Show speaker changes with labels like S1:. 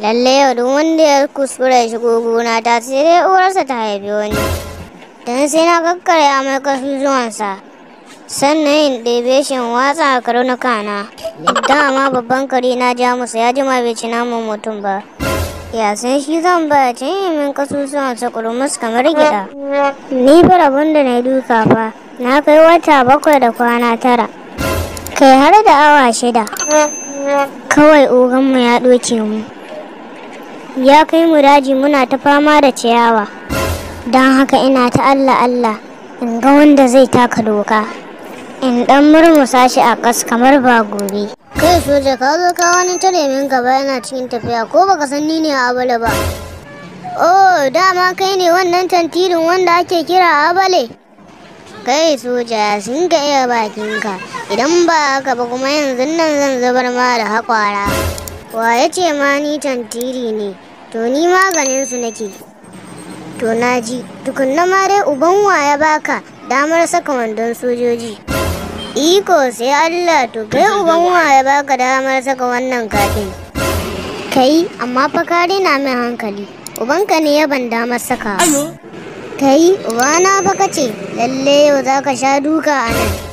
S1: lalle yau duk wanda ya kuskure shigo gona ta sai dai uwarsa ta haifi wani don sai na a mai zuwansa. sannan yin ɗebe shi watsa a karo na kana dama babban kare na ja musu ya jima bai ci naman mutum ba ya san shi zan ba ya can yi min zuwansa kurmus kamar gida ni fa rabon da na duka fa na kai wata bakwai da kwana tara kai har da awa shida kawai oganmu ya ɗoke mu ya kai mu daji muna ta fama da ciyawa don haka ina ta allah allah in ga wanda zai taka doka in dan murmusa shi a kas kamar ba gobe kai soja ka zo ka wani tare min gaba yana cikin tafiya ko baka san ni ne a abale ba oh dama kai ne wannan tantirin wanda ake kira abale kai soja sun ga iya bakinka idan ba haka ba kuma yanzu nan zan zubar ma da haƙwara wa ya ce ma ni tantiri ne to ni maganin su nake to na ji tukunna ma dai uban wa ya baka damar saka wandon sojoji iko sai allah to kai uban wa ya baka damar saka wannan kafin kai amma fa ka na min hankali ubanka ne ya ban damar saka kai ubana fa ce, lalle yau za ka sha duka a nan